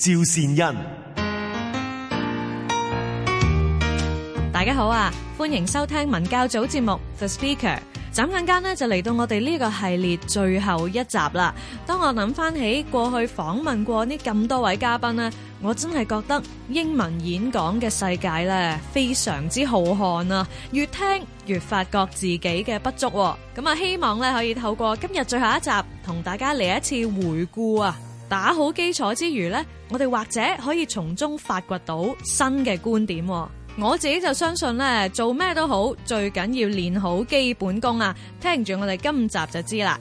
趙善恩，大家好啊！歡迎收聽文教組節目 The Speaker。眨眼間呢，就嚟到我哋呢個系列最後一集啦。當我諗翻起過去訪問過呢咁多位嘉賓呢，我真係覺得英文演講嘅世界呢，非常之浩瀚啊！越聽越發覺自己嘅不足，咁啊希望呢可以透過今日最後一集同大家嚟一次回顧啊！打好基礎之餘呢，我哋或者可以從中發掘到新嘅觀點。我自己就相信咧，做咩都好，最緊要練好基本功啊！聽住我哋今集就知啦。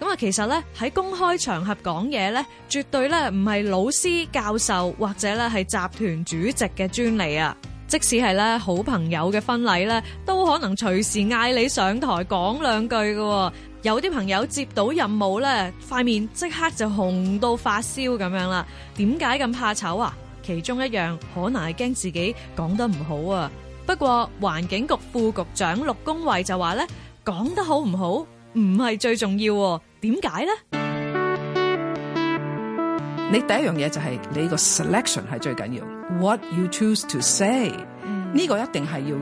咁啊，其實咧，喺公開場合講嘢呢，絕對咧唔係老師、教授或者咧係集團主席嘅專利啊。即使係咧好朋友嘅婚禮咧，都可能隨時嗌你上台講兩句㗎。有啲朋友接到任務咧，塊面即刻就紅到發燒咁樣啦。點解咁怕醜啊？其中一樣可能係驚自己講得唔好啊。不過環境局副局長陸恭蕙就話咧，講得好唔好唔係最重要。點解咧？你第一樣嘢就係、是、你個 selection 係最緊要，what you choose to say 呢、嗯、個一定係要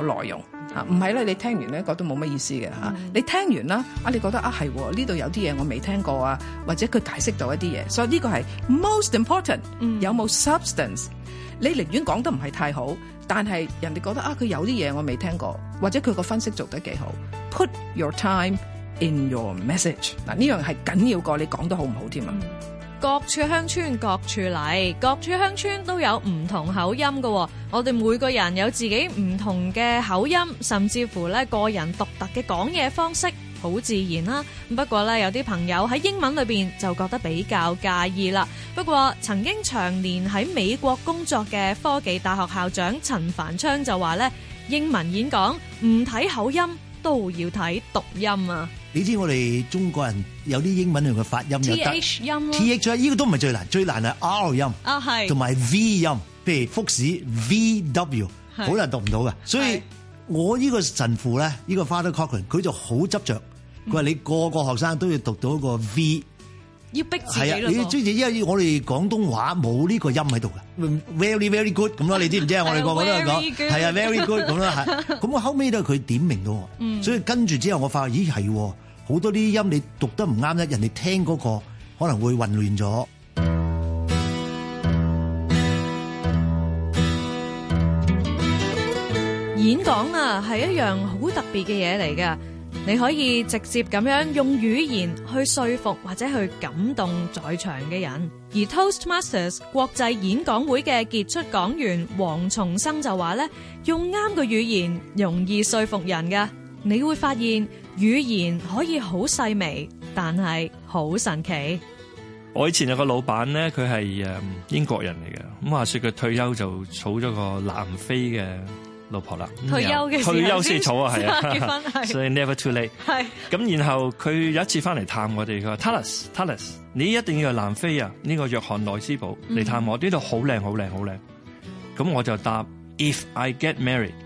有內容。唔係咧，你聽完咧覺得冇乜意思嘅嚇、mm. 啊。你聽完啦，啊你覺得啊係呢度有啲嘢我未聽過啊，或者佢解釋到一啲嘢，所以呢個係 most important、mm. 有冇 substance？你寧願講得唔係太好，但係人哋覺得啊佢有啲嘢我未聽過，或者佢個分析做得幾好。Put your time in your message，嗱呢樣係緊要過你講得好唔好添啊！Mm. 各處鄉村各處嚟，各處鄉村都有唔同口音㗎、哦。我哋每個人有自己唔同嘅口音，甚至乎呢個人獨特嘅講嘢方式，好自然啦、啊。不過呢，有啲朋友喺英文裏邊就覺得比較介意啦。不過，曾經長年喺美國工作嘅科技大學校長陳凡昌就話呢：英文演講唔睇口音，都要睇讀音啊！你知我哋中國人有啲英文用嘅發音又得，T H 音 T H 呢個都唔係最難，最難係 R 音，啊係，同埋 V 音，譬如福士 V W，好難讀唔到嘅。所以我呢個神父咧，呢個 Father Cocker，佢就好執着，佢話你個個學生都要讀到一個 V，要逼自己咯。你中意，因為我哋廣東話冇呢個音喺度嘅，very very good 咁啦，你知唔知啊？我哋個個都係講，係啊，very good 咁啦。咁我後尾都係佢點明到，所以跟住之後我發覺，咦係喎。好多啲音你讀得唔啱咧，人哋聽嗰個可能會混亂咗。演講啊，係一樣好特別嘅嘢嚟噶，你可以直接咁樣用語言去說服或者去感動在場嘅人。而 Toastmasters 國際演講會嘅傑出講員黃重生就話咧，用啱嘅語言容易說服人噶，你會發現。語言可以好細微，但係好神奇。我以前有個老闆咧，佢係誒英國人嚟嘅，咁話說佢退休就儲咗個南非嘅老婆啦。退休嘅退休先儲啊，係啊才 對，所以 never too late 是。係咁，然後佢有一次翻嚟探我哋，佢話 Talus，Talus，你一定要去南非啊，呢、這個約翰內斯堡嚟探我，呢度好靚，好靚，好靚。咁我就答，If I get married。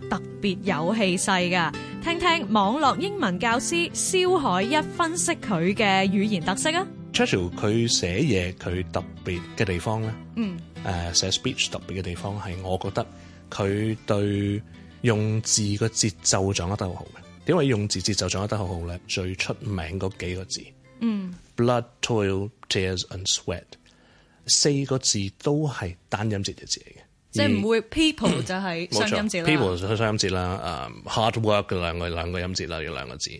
特別有氣勢㗎，聽聽網絡英文教師蕭海一分析佢嘅語言特色啊！Churchill 佢寫嘢佢特別嘅地方咧，嗯，誒、呃、寫 speech 特別嘅地方係，我覺得佢對用字個節奏掌握得好好嘅。點解用字節奏掌握得好好咧？最出名嗰幾個字，嗯，blood, toil, tears and sweat，四個字都係單音節嘅字嚟嘅。即係唔會 people 就係雙音節啦，people 就係雙音節啦，誒、um, hard work 嘅兩,兩個兩個音節啦，要兩個字。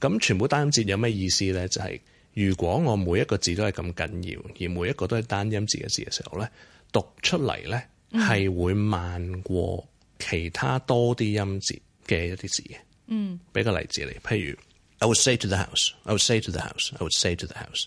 咁全部單音節有咩意思咧？就係、是、如果我每一個字都係咁緊要，而每一個都係單音節嘅字嘅字嘅時候咧，讀出嚟咧係會慢過其他多啲音節嘅一啲字嘅。嗯，俾個例子嚟，譬如 I would say to the house, I would say to the house, I would say to the house。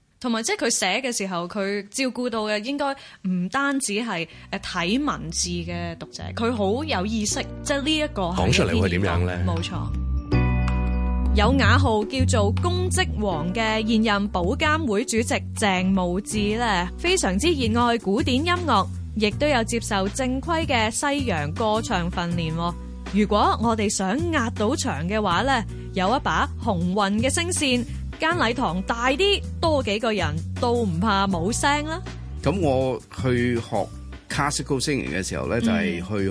同埋即係佢寫嘅時候，佢照顧到嘅應該唔單止係誒睇文字嘅讀者，佢好有意識。即係呢一個講出嚟會點樣咧？冇錯錯， 有雅號叫做公職王嘅現任保監會主席鄭慕智咧，非常之熱愛古典音樂，亦都有接受正規嘅西洋歌唱訓練。如果我哋想壓到場嘅話咧，有一把鴻運嘅聲線。間禮堂大啲多幾個人，都唔怕冇聲啦。咁我去學 classical singing 嘅時候咧，mm hmm. 就係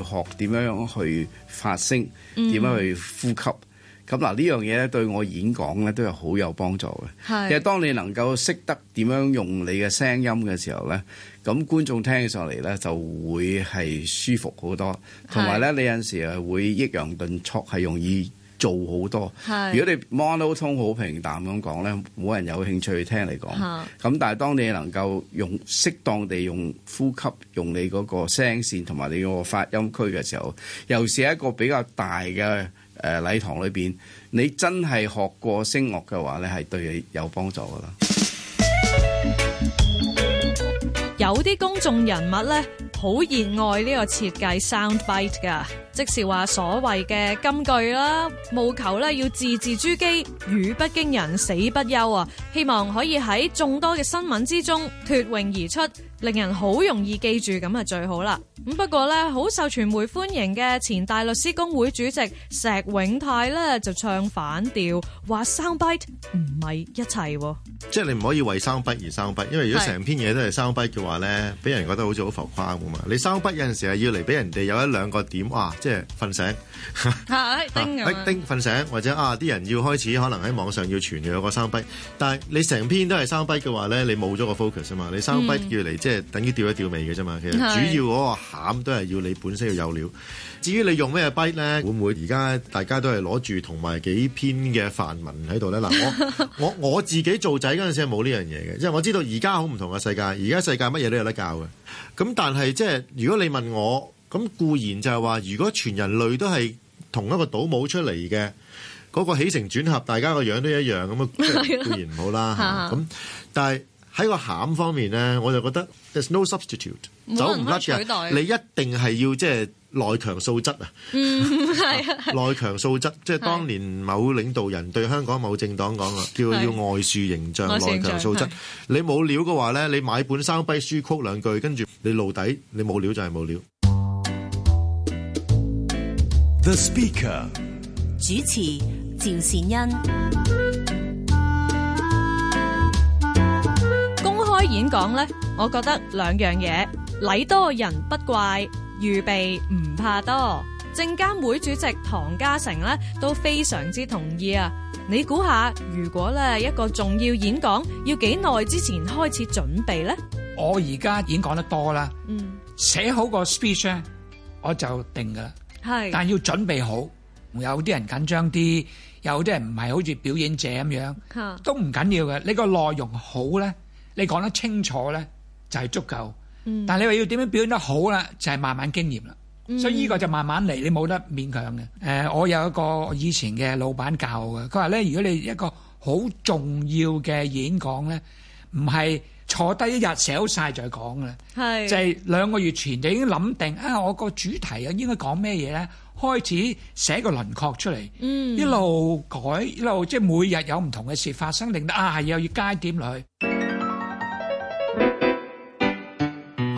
去學點樣去發聲，點、mm hmm. 樣去呼吸。咁嗱呢樣嘢咧，對我演講咧都係好有幫助嘅。是其實當你能夠識得點樣用你嘅聲音嘅時候咧，咁觀眾聽起上嚟咧，就會係舒服好多。同埋咧，是你有陣時係會抑揚頓挫，係容易。做好多，是如果你 monotone 好平淡咁講咧，冇人有興趣去聽你講。咁是但係當你能夠用適當地用呼吸、用你嗰個聲線同埋你個發音區嘅時候，尤其係一個比較大嘅誒禮堂裏邊，你真係學過聲樂嘅話咧，係對你有幫助㗎喇。有啲公眾人物咧，好熱愛呢個設計 soundbite 㗎。即是話所謂嘅金句啦，務求要字字珠璣，語不驚人死不休啊！希望可以喺眾多嘅新聞之中脫穎而出。令人好容易記住咁係最好啦。咁不過咧，好受傳媒歡迎嘅前大律師公會主席石永泰咧就唱反調，話 soundbite 唔係一切，啊。即係你唔可以為 soundbite 而 soundbite，因為如果成篇嘢都係 soundbite 嘅話咧，俾是人覺得好似好浮誇咁嘛。」你 soundbite 有陣時係要嚟俾人哋有一兩個點，啊，即係瞓醒。 叮叮瞓醒，或者啊啲人要開始，可能喺網上要傳嘅嗰 soundbite。Ite, 但係你成篇都係 soundbite 嘅話咧，你冇咗個 focus 啊嘛、嗯。你 soundbite 叫嚟，即係等於吊一吊尾嘅啫嘛。其實主要嗰個餡都係要你本身要有料。至於你用咩 bite 咧，會唔會而家大家都係攞住同埋幾篇嘅範文喺度咧？嗱、啊，我 我我自己做仔嗰陣時係冇呢樣嘢嘅，因、就、為、是、我知道而家好唔同嘅世界。而家世界乜嘢都有得教嘅。咁但係即係如果你問我，咁固然就係話，如果全人類都係。同一個倒模出嚟嘅嗰個起承轉合，大家個樣都一樣咁啊，固然唔好啦嚇。咁但係喺個餡方面咧，我就覺得 there's no substitute，走唔甩嘅，你一定係要即係內強素質啊。嗯，係啊，係內強素質。即係當年某領導人對香港某政黨講啊，叫要外樹形象，內強素質。你冇料嘅話咧，你買本 soundbite 書 quote 兩句，跟住你露底，你冇料就係冇料。The Speaker 主持趙善恩公開演講咧，我覺得兩樣嘢，禮多人不怪，預備唔怕多。證監會主席唐家成咧都非常之同意啊！你估下，如果咧一個重要演講要幾耐之前開始準備咧？我而家演講得多啦，嗯，寫好個 speech 我就定噶啦。係，是但要準備好，有啲人緊張啲，有啲人唔係好似表演者咁樣，是都唔緊要嘅。你個內容好咧，你講得清楚咧，就係、是、足夠。嗯、但你話要點樣表演得好咧，就係、是、慢慢經驗啦。嗯、所以呢個就慢慢嚟，你冇得勉強嘅。誒、呃，我有一個以前嘅老闆教我嘅，佢話咧，如果你一個好重要嘅演講咧，唔係。坐低一日寫好曬，係就講啦，就係兩個月前就已經諗定啊，我個主題啊應該講咩嘢咧，開始寫個輪廓出嚟、嗯，一路改一路，即係每日有唔同嘅事發生，令到啊又要加點落去。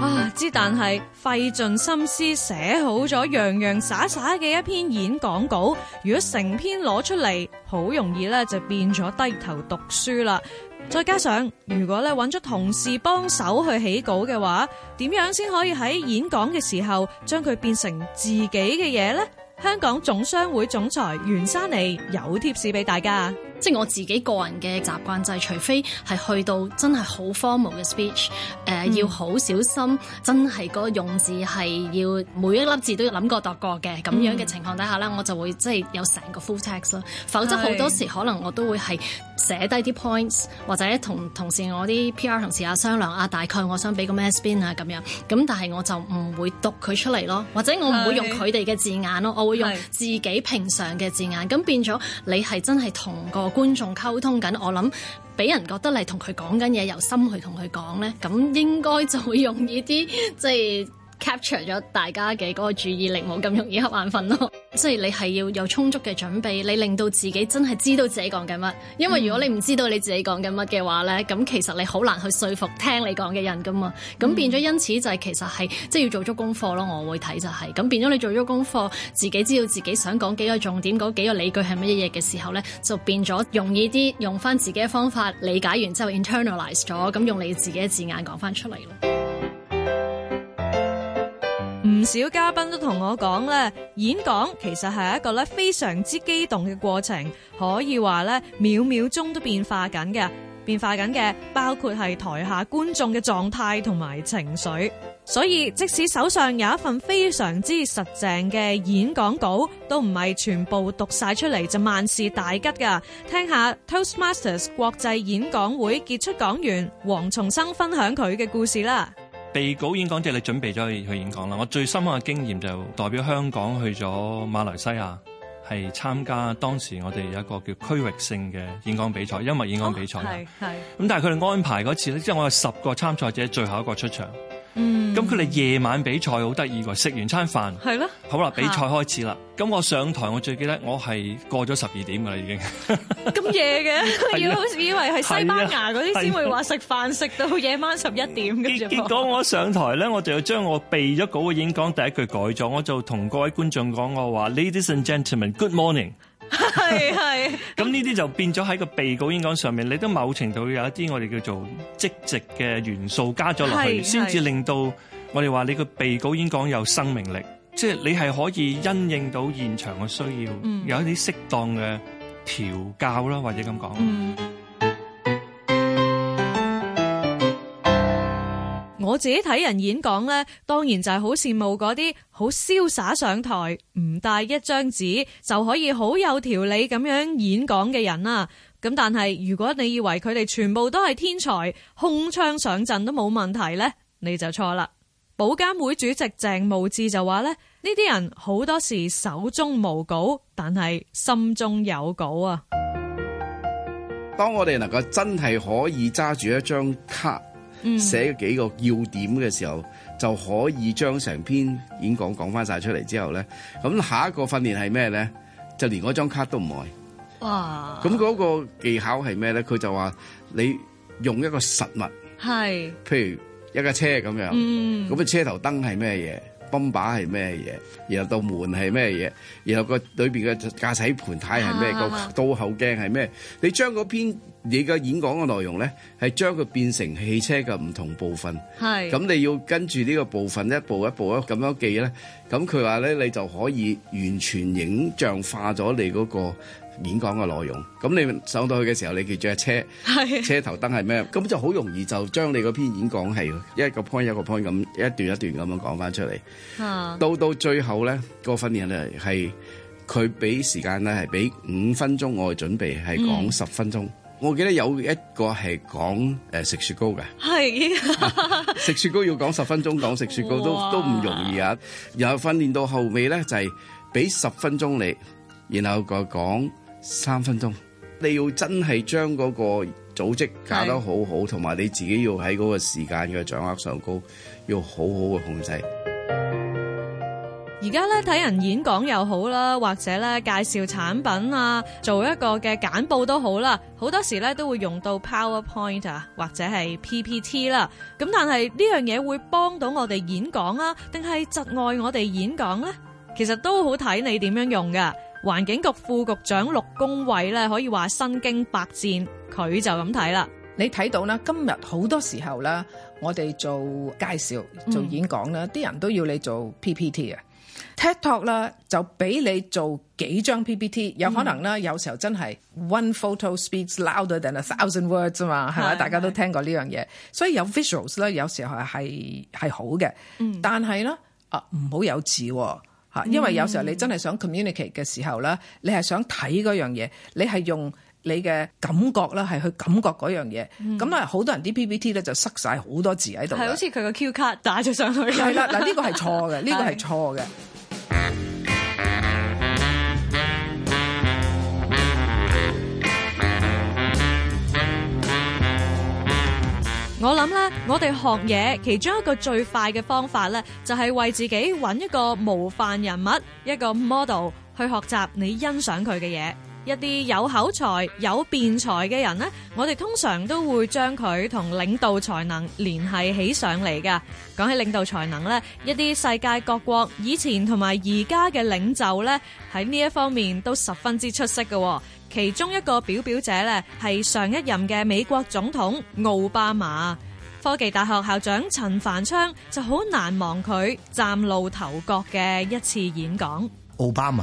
啊、之、啊、但係費盡心思寫好咗洋洋灑灑嘅一篇演講稿，如果成篇攞出嚟，好容易咧就變咗低頭讀書啦。再加上，如果咧揾咗同事幫手去起稿嘅話，點樣先可以喺演講嘅時候將佢變成自己嘅嘢呢？香港總商會總裁袁莎妮有貼士俾大家。即係我自己個人嘅習慣就係、是、除非係去到真係好 formal 嘅 speech，誒、嗯呃、要好小心，真係個用字係要每一粒字都要諗過度過嘅，咁樣嘅情況底下咧，嗯、我就會即係有成個 full text 咯。否則好多時可能我都會係寫低啲 points，是或者同同事我啲 PR 同事啊商量啊，大概我想俾個 message 啊咁樣。咁但係我就唔會讀佢出嚟咯，或者我唔會用佢哋嘅字眼咯，是我會用自己平常嘅字眼。咁是是變咗你係真係同個觀眾溝通緊，我諗俾人覺得你同佢講緊嘢，由心去同佢講咧，咁應該就會容易啲，即係 capture 咗大家嘅嗰個注意力，冇咁容易瞌眼瞓咯。即係你係要有充足嘅準備，你令到自己真係知道自己講緊乜，因為如果你唔知道你自己講緊乜嘅話呢，咁、嗯、其實你好難去說服聽你講嘅人噶嘛，咁變咗因此就係其實係即係要做足功課咯，我會睇就係、是，咁變咗你做咗功課，自己知道自己想講幾個重點，嗰幾個理據係乜嘢嘅時候呢，就變咗容易啲用翻自己嘅方法理解完之後 internalize 咗，咁用你自己嘅字眼講翻出嚟咯。唔少嘉賓都同我講咧，演講其實係一個咧非常之激動嘅過程，可以話咧，秒秒鐘都變化緊嘅，變化緊嘅包括係台下觀眾嘅狀態同埋情緒。所以即使手上有一份非常之實淨嘅演講稿，都唔係全部讀晒出嚟就萬事大吉噶。聽下 Toastmasters 國際演講會傑出講員黃重生分享佢嘅故事啦。被稿演講者、即係、你準備咗去去演講啦。我最深刻嘅經驗就代表香港去咗馬來西亞，係參加當時我哋一個叫區域性嘅演講比賽，英文演講比賽啦。係咁、哦、但係佢哋安排嗰次咧，即、就、係、係、我有十個參賽者最後一個出場。嗯，咁佢哋夜晚比賽好得意噶，食完餐飯，係咯的，好啦，比賽開始啦。咁的我上台，我最記得我係過咗十二點噶啦，已經咁夜嘅，要， 好的 以為係西班牙嗰啲先會話食飯食的到夜晚十一點嘅啫。結果我上台咧，我就要將我避咗稿嘅演講第一句改咗，我就同各位觀眾講我話，Ladies and gentlemen，good morning。係係，咁呢啲就變咗喺個備稿演講上面，你都某程度有一啲我哋叫做即席嘅元素加咗落去，先至是是 令到我哋話你個備稿演講有生命力，即係、嗯、你係可以因應到現場嘅需要，有一啲適當嘅調教啦，或者咁講。嗯我自己睇人演講呢，當然就係好羨慕嗰啲好瀟灑上台，唔帶一張紙就可以好有條理咁樣演講嘅人啦。咁但係如果你以為佢哋全部都係天才，空槍上陣都冇問題呢，你就錯啦。保監會主席鄭慕智就話咧，呢啲人好多時手中無稿，但係心中有稿啊。當我哋能夠真係可以揸住一張卡，寫幾個要點嘅時候，就可以將成篇演講講翻晒出嚟之後咧，咁下一個訓練係咩咧？就連嗰張卡都唔愛。哇！咁嗰個技巧係咩咧？佢就話你用一個實物，係是，譬如一架車咁樣，咁、嗯、車頭燈係咩嘢？泵把係咩嘢？然後到門係咩嘢？然後個裏邊嘅駕駛盤呔係咩？個倒、啊、後鏡係咩？你將嗰篇你而家演講嘅內容咧，係將佢變成汽車嘅唔同部分。係咁是，你要跟住呢個部分一步一步咁樣記咧。咁佢話咧，你就可以完全影像化咗你嗰、那個。演講嘅內容，咁你上到去嘅時候，你記住車，車頭燈係咩？咁 就好容易就將你嗰篇演講係一個 point 一個 point 咁一段一段咁樣講翻出嚟。啊、到到最後咧，個訓練咧係佢俾時間咧係俾五分鐘，我嘅準備係講十分鐘。我記得有一個係講誒食、呃、雪糕嘅，係食 雪糕要講十分鐘，講食雪糕哇都都唔容易啊！然後訓練到後尾咧就係俾十分鐘你，然後個講。三分鐘，你要真係將嗰個組織搞得好好，同埋的你自己要喺嗰個時間嘅掌握上高，要好好嘅控制。而家咧睇人演講又好啦，或者咧介紹產品啊，做一個嘅簡報都好啦。好多時咧都會用到 PowerPoint 或者係 PPT 啦。咁但係呢樣嘢會幫到我哋演講啊，定係窒礙我哋演講咧？其實都好睇你點樣用㗎。環境局副局長陸公偉咧，可以話身經百戰，佢就咁睇啦。你睇到啦，今日好多時候咧，我哋做介紹、做演講啦，啲、嗯、人都要你做 PPT 啊。嗯、TED talk 啦，就俾你做幾張 PPT，、嗯、有可能咧，有時候真係 one photo speaks louder than a thousand words 嘛，係嘛？大家都聽過呢樣嘢，所以有 visuals 咧，有時候係係好嘅，嗯、但係咧，啊唔好有字、啊。嚇！因為有時候你真係想 communicate 嘅時候咧，你係想睇嗰樣嘢，你係用你嘅感覺啦，係去感覺嗰樣嘢。咁啊，好多人啲 PPT 咧就塞晒好多字喺度是。係好似佢個 Q 卡打咗上去。 係啦，嗱呢個係錯嘅，呢個係錯嘅。我諗咧，我哋學嘢其中一個最快嘅方法咧，就係為自己揾一個模範人物，一個 model 去學習你欣賞佢嘅嘢。一啲有口才、有辯才嘅人呢，我哋通常都會將佢同領導才能聯繫起上嚟噶。講起領導才能呢，一啲世界各國以前同埋而家嘅領袖呢，喺呢一方面都十分之出色嘅。其中一個表表者呢係上一任嘅美國總統奧巴馬。科技大學校長陳繁昌就好難忘佢嶄露頭角嘅一次演講。奧巴馬。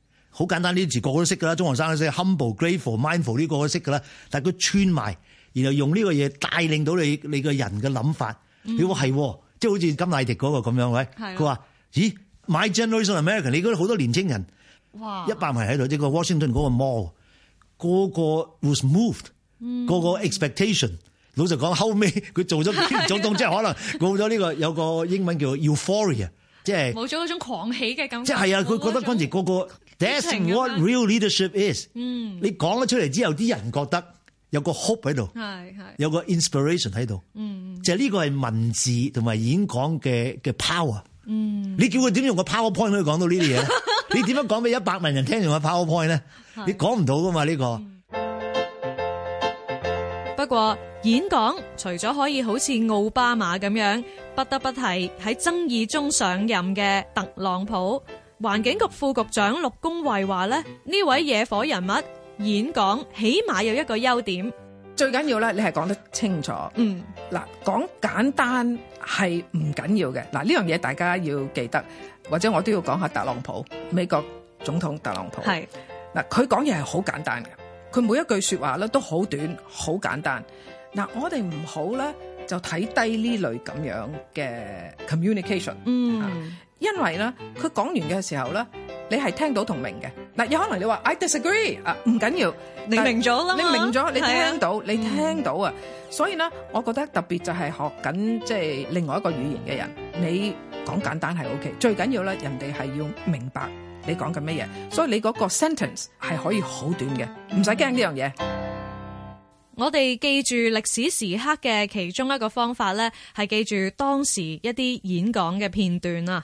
好簡單，呢啲字個個都識噶啦，中學生都識，humble, grateful, mindful 呢個都識噶啦。但係佢串埋，然後用呢個嘢帶領到你你個人嘅諗法。如果係，即係好似甘迺迪嗰個咁樣，喂，佢話：咦，my Generation American，你覺得好多年青人，一百萬喺度，即個 Washington 嗰個 mall，嗰個 was moved，嗰個 expectation。老實講，後尾佢做咗總統，即係可能冇咗呢個有個英文叫 euphoria，即係冇咗嗰種狂喜嘅感覺。即係係啊，佢覺得嗰陣時嗰個。That's what real leadership is。嗯，你講咗出嚟之後，啲人覺得有個 hope 喺度，係係有個 inspiration 喺度。嗯，就係呢個係文字同埋演講嘅嘅 power。嗯，你叫佢點用個 powerpoint 可以講到呢啲嘢咧？ 你點樣講俾一百萬人聽用個 powerpoint 咧？ 你講唔到噶嘛呢、這個。嗯、不過演講除咗可以好似奧巴馬咁樣，不得不提喺爭議中上任嘅特朗普。環境局副局長陸恭蕙話咧：呢位野火人物演講起碼有一個優點，最緊要咧，你係講得清楚。嗯，嗱，講簡單係唔緊要嘅。嗱，呢樣嘢大家要記得，或者我都要講下特朗普，美國總統特朗普。係嗱是，佢講嘢係好簡單嘅，佢每一句說話咧都好短，好簡單。嗱，我哋唔好咧就睇低呢類咁樣嘅 communication。嗯。啊。因為咧，佢講完嘅時候咧，你係聽到同明嘅。嗱，有可能你話 I disagree 啊，唔緊要，你明咗啦，你明咗，你聽到，你聽到啊，所以呢，我覺得特別就係學緊即係另外一個語言嘅人，你講簡單係 OK，最緊要咧，人哋係要明白你講緊乜嘢，所以你嗰個 sentence 係可以好短嘅，唔使驚呢樣嘢。我哋記住歷史時刻嘅其中一個方法咧，係記住當時一啲演講嘅片段啊。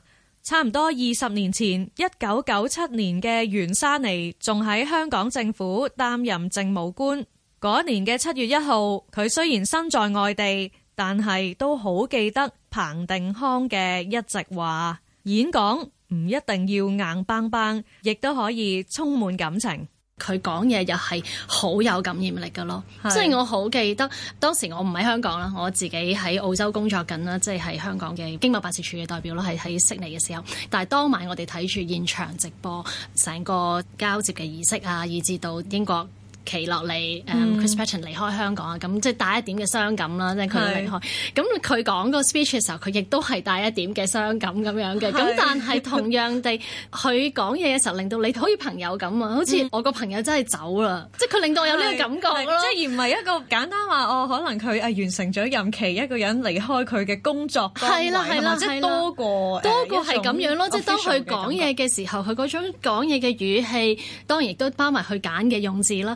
差唔多二十年前，一九九七年嘅袁沙尼仲喺香港政府擔任政務官。嗰年嘅七月一號，佢雖然身在外地，但係都好記得彭定康嘅一席話：演講唔一定要硬邦邦，亦都可以充滿感情。佢講嘢又係好有感染力噶咯，是即係我好記得當時我唔喺香港啦，我自己喺澳洲工作緊啦，即係喺香港嘅經貿辦事處嘅代表咯，係喺悉尼嘅時候，但係當晚我哋睇住現場直播成個交接嘅儀式啊，以至到英國。企落嚟，Chris Patten 離開香港啊！咁即係帶一點嘅傷感啦，即係佢離開。咁佢講個 speech 嘅時候，佢亦都係帶一點嘅傷感咁樣嘅。咁但係同樣地，佢講嘢嘅時候，令到你可以朋友咁啊，好似我個朋友真係走啦，即係佢令到我有呢個感覺咯。即係而唔係一個簡單話哦，可能佢啊完成咗任期，一個人離開佢嘅工作崗位啊，即多過多過係咁樣咯。即係當佢講嘢嘅時候，佢嗰種講嘢嘅語氣，當然亦都包埋佢揀嘅用字啦。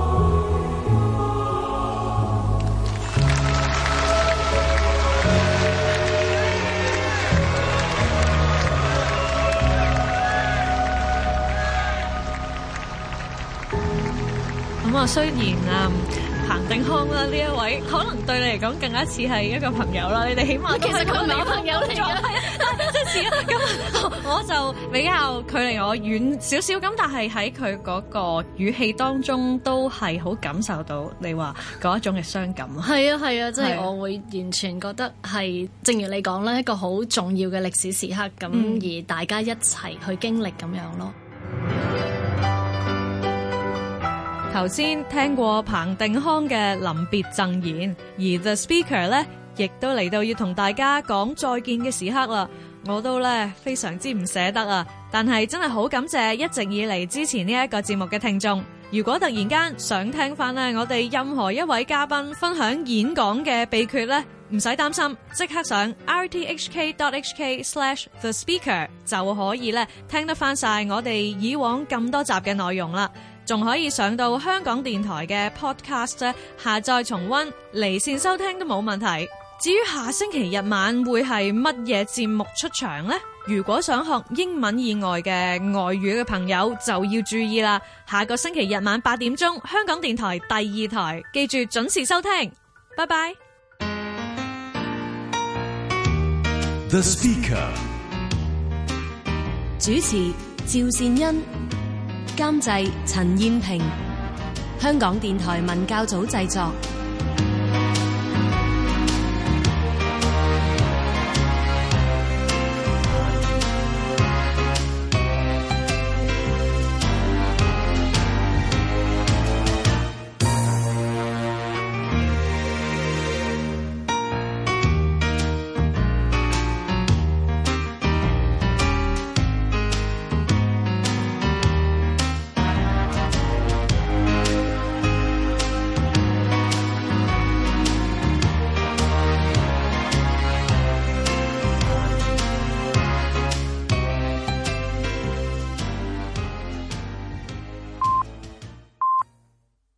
咁啊，雖然啊彭定康啦呢一位，可能對你嚟講更加似係一個朋友啦，你哋起碼都其實佢唔係朋友嚟嘅係啊，即係咁，我就比較距離我遠少少咁，但係喺佢嗰個語氣當中，都係好感受到你話嗰一種嘅傷感。係啊係啊，即係、啊就是、我會完全覺得係，啊、正如你講啦，一個好重要嘅歷史時刻，咁、嗯、而大家一齊去經歷咁樣咯。頭先聽過彭定康嘅臨別贈言，而 the speaker 咧，亦都嚟到要同大家講再見嘅時刻啦。我都咧非常之唔捨得啊！但係真係好感謝一直以嚟支持呢一個節目嘅聽眾。如果突然間想聽翻咧我哋任何一位嘉賓分享演講嘅秘訣咧，唔使擔心，即刻上 rthk dot hk slash the speaker 就可以咧聽得翻晒我哋以往咁多集嘅內容啦。仲可以上到香港電台嘅 podcast 咧，下載重溫、離線收聽都冇問題。至於下星期日晚會係乜嘢節目出場呢？如果想學英文以外嘅外語嘅朋友，就要注意啦。下個星期日晚八點鐘，香港電台第二台，記住準時收聽。拜拜。The speaker 主持：趙善恩。監製陳燕萍，香港電台文教組製作。